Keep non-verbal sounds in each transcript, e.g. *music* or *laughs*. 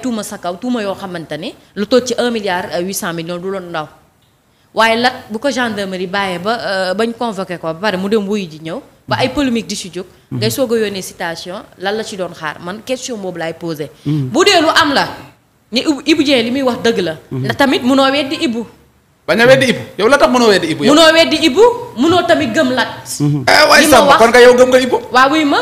tuuma sa kaw tuuma yoo xamante ne lu toll ci 1 milliard 800 euh, millions du loon ndaw waaye la bu ko gendarmerie bàyyee ba euh, bañ convoqué ko ba pare mu dem wuyu ji ñëw ba ay polémique di si jóg. ngay soog a yónnee citation lan la ci doon xaar man question boobu laay posé. Mm-hmm. bu dee lu am la ni Ibou Dieng li muy wax dëgg la. Mm-hmm. na tamit munoo weddi Ibou. bañ a weddi ibu yow la tax mënoo weddi ibu. yow mënoo weddi ibu mënoo tamit gëm lat. Mm-hmm. Eh, li ma wax kon yow gëm nga ibu. waaw wuy ma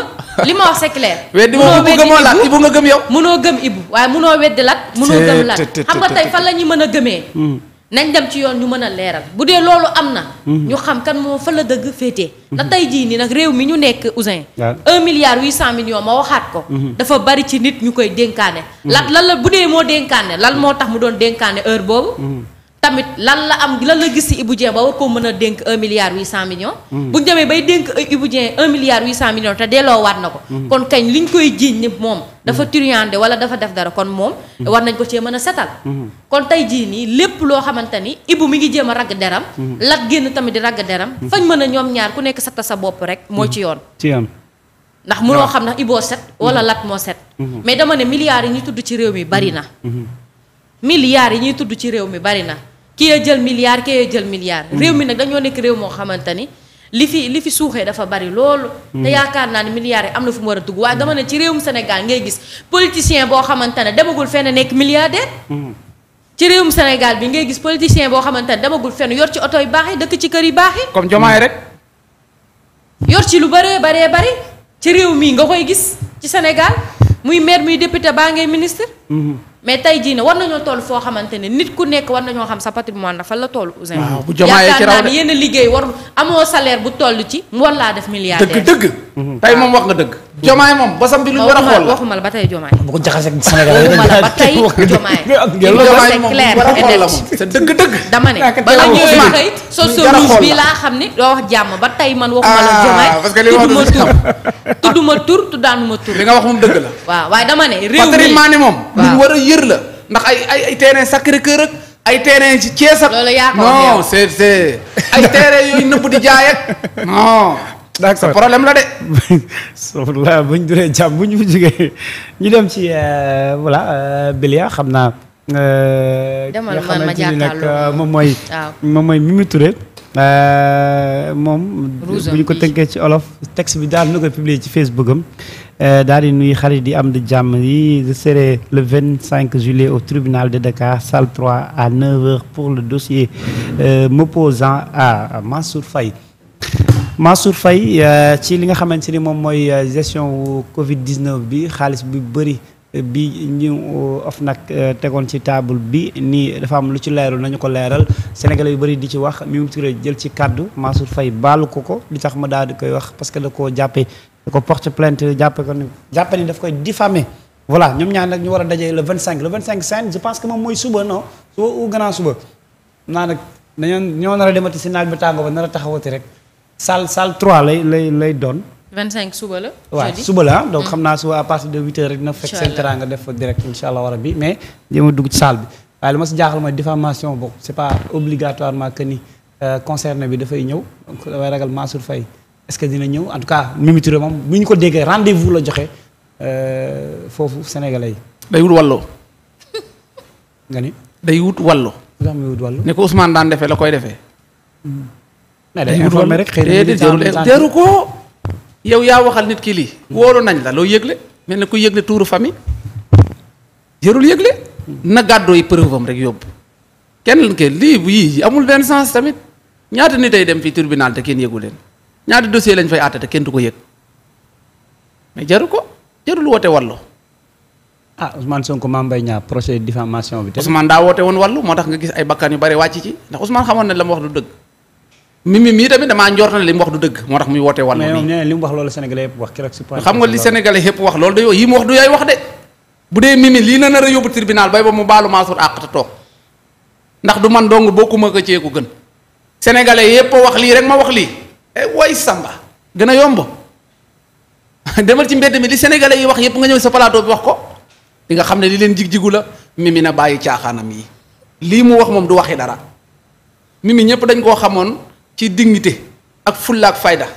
li ma wax c'est clair. *laughs* weddi moom ibu gëmoo lat ibu nga gëm yow. mënoo gëm ibu waaye mënoo weddi lat. mënoo gëm lat xam nga tey fan la ñuy mën a gëmee. nañ dem ci yoon ñu mën a leeral bu dee loolu am na. ñu xam kan moom fa la dëgg féetee. na tey jii nii nag réew mi ñu nekk Ousin. waaw un milliard huit cent millions ma waxaat ko. dafa bari ci nit ñu koy dénkaane. lat lan la bu dee moo dénkaane lan moo tax mu doon dénkaane heure boobu. tamit lan la am lan la gis ci Ibou Dieng ba war koo mën a dénk un milliard huit cent millions. Hmm. bu ñu demee bay dénk Ibou Dieng un milliard huit cent millions te delloowaat na ko. Hmm. kon kañ ñu koy jiiñ ni moom. Hmm. dafa truandé wala dafa def dara kon moom. war nañ ko cee mën a setal. kon tey jii nii lépp loo xamante ni Ibou mi ngi jéem a ragg deram. lat génn tamit di ragg deram. fañ mën a ñoom ñaar ku nekk sa sa bopp rek. moo ci yoon ci yoon. ndax mënoo xam ndax Ibou set. wala lat moo set. mais dama ne yi ñu tudd ci réew mi bari na. milliards yi ñuy tudd ci réew mi bari na kii jël milliard kii a jël milliard. réew mi nag dañoo nekk réew moo xamante ni li fi li fi suuxee dafa bari loolu. Mm. te yaakaar naa ne milliards yi am na fu mu war a dugg waaye dama ne ci réewum Sénégal ngay gis politicien boo xamante ne demagul fenn nekk milliardaire. Mm. ci réewum Sénégal bi ngay gis politicien boo xamante ne demagul fenn yor ci oto yu baax yi dëkk ci kër yu baax yi. comme jomaay rek. yor ci lu bëree baree bari ci réew mii nga koy gis ci Sénégal muy maire muy député baa ngay ministre. Mm-hmm. mais tey jii ne war nañoo toll foo xamante ne nit ku nekk war nañoo xam sa patrimoine dafa la toll Ousseyn. waaw ah, bu jomaayee ci raw de yenn liggéey war amoo salaire bu toll ci mu war laa def milliardaire dëgg dëgg. Mhm. tey moom wax nga dëgg. Mhm. jomaay moom basam bi lu war a xool la waxuma la ba tey jomaay. bu ko jaxasee ak Sénégal yi dañuy daal tey *laughs* jomaay. jomaay moom war la moom c'est dëgg dëgg. dama ne balaa ñëwee tey soso rouge bi laa xam ne doo wax jàmm ba tey man waxuma la ah, jomaay. parce que li ma tur tuddaanuma tur. li nga wax moom dëgg la. waaw waaye dama ne réew mi patrimoine moom. waaw lu war a yër la. ndax ay ay ay terrain sacré cœur ak ay terrain ci Thiès ak. loolu yaa ko non c'est c'est ay terrain yooyu nëbb di jaay ak d' accord sa problème la de. *laughs* bu ñu duree jàmm bu ñu fi jógee ñu dem ci euh, voilà euh, Belia xam naa. Euh, demal man ma jàkkaarloo moom mooy. moom mooy Mimi Touré. moom. bu ñu ko tënkee ci olof. texte bi daal na ko publier ci Facebook am. daal di nuyu xarit yi am di jàmm yi je serai le 25 juillet au tribunal de Dakar salle 3 à 9h pour le dossier m'opposant à Mansour Faye. Mansour fay euh, ci li nga xamante ni moom mooy euh, gestion wu Covid 19 bi xaalis bu bëri euh, bi ñu of nag tegoon ci taabul bi nii dafa am lu ci leerul nañu ko leeral sénégalais yu bari di ci wax Mimi Touré jël ci kàddu Mansour Faye baalu ko ko li tax ma daal di koy wax parce que da koo jàppe da ko porte plainte jàppe ko ni jàppe ni daf koy diffamer voilà ñoom ñaan nag ñu war a dajee le 25 le 25 cinq je pense que moom mooy suba non suba ou suba naa nag dañoo ñoo a demati si naaj bi tàngoo ba taxawati rek salle salle 3 lay lay lay doon. 25 suba la. waaw suba la donc mm. xam naa suba à partir de 8h rek dina fekk seen teraanga def fa direct incha allah bi mais jéem a dugg ci bi waaye li ma si jaaxal mooy diffamation boobu c' est pas obligatoirement que ni euh, concerné bi dafay ñëw donc dafay ragal Mansour Faye est ce que dina ñëw en tout cas Mimi moom bu ñu ko déggee rendez la joxe euh, foofu sénégalais yi. day wut wàllu. nga ni day wut wàllu. nga xam ne wut ko Ousmane daan defee la koy defee. Mm. na leen informé rek xëy na jarul ko yow yaa waxal nit ki lii. wóolu nañ la loo yëgle mel ne ku yëgle tuuru famille jarul yëgle. na gàddoo yi preuve rek yóbbu. kenn ke lii bu amul benn sens tamit ñaata nit ay dem fii tribunal te kenn yëgu leen ñaata dossier lañ fay àtte kenn du ko yëg mais jarul ko jarul woote wallu ah Ousmane Sonko Mame Mbaye Niang daa woote woon wallu moo tax nga gis ay bakkan yu bare wàcc ci ndax Ousmane xamoon na la mu wax lu dëgg. mimi mii tamit damaa njort na li mu wax du dëgg moo tax muy wootee wàllu. mais ñoom mu wax loolu sénégalais yëpp wax keroog si xam nga li de bu dee mimi lii na nar a yóbbu tribunal bay ba mu baalu Mansour àq te toog ndax du man dong bokkuma ko ceeku gën sénégalais yëpp wax lii rek ma wax lii eh way samba gën a yomb *laughs* demal ci mbedd mi li sénégalais yi wax yépp nga ñëw sa plateau bi wax ko di nga xam ne li leen jig-jigu la mimi na bàyyi caaxaanam yi lii mu wax moom du waxi dara mimi ñëpp dañ koo xamoon ci dignité ak fulla ak fayda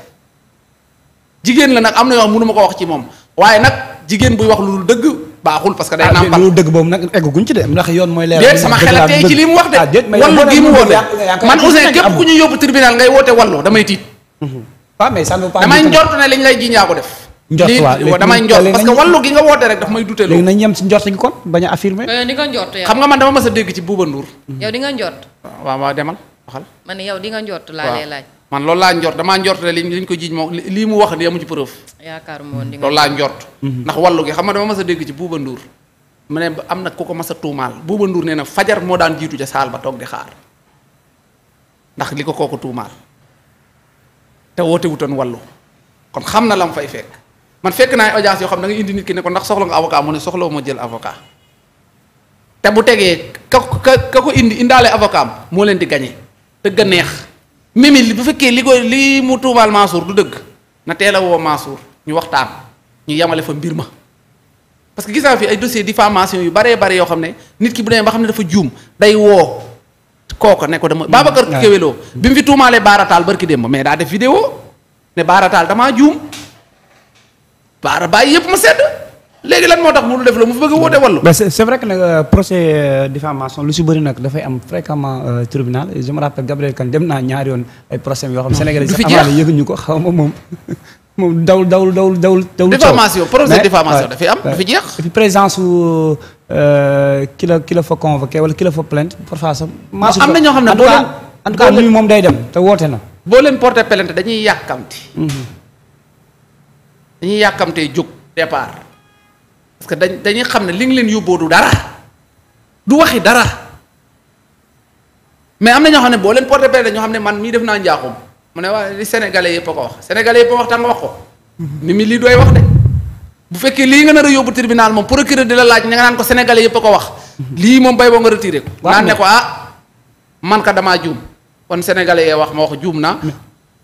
jigéen la nag am na yoo xam ma ko wax ci moom waaye nag jigéen buy wax lu dëgg baaxul parce que day ah, nàmpal lu dëgg boobu nag egguñ ci de ndax yoon mooy leer wax de ah, wallu gi mu woote man Ouzin képp ku ñu yóbbu tribunal ngay woote wallu damay tiit mm-hmm. damay njort ne liñ lay ji ñaa ko def njort waaw damay njort parce que wallu gi nga woote rek daf may dute loolu léegi nañ yem si njort gi kon bañ a affirmer eh, xam nga man dama mas a dégg ci Bouba Ndour yow di nga njort waaw waaw demal waxal ma ne di nga njort laa man lool laa njort damaa njort ne liñ ko jiiñ moom lii mu wax nii amu ci preuve. yaakaar moom di laa njort. Mhm. ndax wàllu gi xam nga dama mas a dégg ci buuba nduur mu ne am na ku ko mas a tuumaal buuba nduur nee na fajar moo daan jiitu ca saal ba toog di xaar ndax li ko kooku tuumaal te woote wutoon wàllu kon xam na lam mu fay fekk man fekk naa audience yoo xam da nga indi nit ki ne ko ndax soxla nga avocat mu ne soxla moo jël avocat te bu tegee ka ka ka ko indi indaale avocat moo leen di gañe dëgg a neex mimi bu fekkee li ko lii mu tuumaal Mansour du dëgg na teel a woo Mansour ñu waxtaan ñu yamale fa mbir ma parce que gis naa fi ay dossier diffamation yu baree bare yoo xam ne nit ki bu demee ba xam ne dafa juum day woo kooka ne ko dama mm-hmm. Babacar Keweloo bi mu fi tuumaalee baarataal barki démb mais daa def vidéo ne baarataal damaa juum baara yépp ma sedd léegi lan moo tax mu def la mu bëgg a woote wàllu. mais c'est vrai que nag euh, procès euh, diffamation lu si bëri nag dafay am fréquemment euh, tribunal je me rappelle Gabriel kan dem naa ñaari yoon ay procès yoo xam Sénégalais yi sax amaana yëguñu ko xaw ma moom *laughs* moom dawul dawul dawul dawul. dawul diffamation procès diffamation dafay am dafay jeex. et puis présence su ki la ki la fa convoqué wala kilo la fa plainte parfois sax. maa am na ñoo xam ne boo leen en tout cas moom day dem te woote na. boo leen porté plainte dañuy yàkkamti. Mhm. dañuy yàkkamtee jóg départ. parce que dañ dañuy xam ne li nga leen yóbboo du dara du waxi dara mais am na ñoo xam ne boo leen porté plainte ñoo xam ne man mii def naa njaaxum mu ne waaye li sénégalais yëpp a ko wax sénégalais yëpp a wax ta nga wax ko ni lii dooy wax bu fekkee lii nga nar a yóbbu tribunal moom procureur di la laaj nga naan ko sénégalais yëpp a ko wax lii moom bay boo nga retiré ko ne ko ah man ka damaa juum kon sénégalais yee wax ma wax juum naa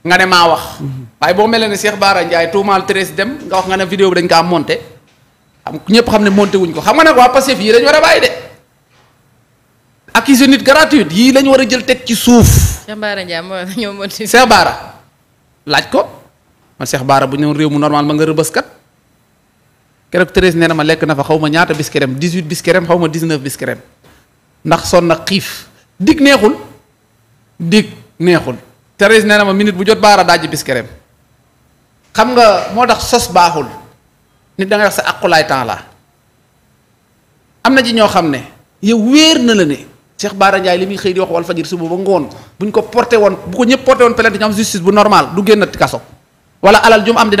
nga ne maa wax. waaye boo mel ne Cheikh Bara Ndiaye tuumaal Thérèse dem nga wax nga ne vidéo bi dañ kaa monté xam ñëpp xam ne monté wuñ ko xam nga nag waa Pastef yii dañu war a bàyyi de. accusé nit gratuite yii lañu war a jël teg ci suuf. Cheikh Bara Ndiaye moo *laughs* ñoo monté. Cheikh Bara laaj ko man Cheikh Bara bu ñëw réew mu normal ma nga rëbës kat keroog Thérèse nee na ma lekk na fa xaw ma ñaata biskerem 18 biskerem xaw ma 19 biskerem ndax sonn na xiif dig neexul dig neexul. Thérèse nee na ma minute bu jot baara dajji biskereem xam nga moo tax sos baaxul nit da nga sa aqulaay temps la am na ci ñoo xam ne yow wéer na la ne Cheikh Baara Ndiaye li muy xëy di wax wal fajir suba ba ngoon bu ñu ko porté woon bu ko ñëpp porté woon plainte ñu am justice bu normal du génnati kaso wala alal jum am dina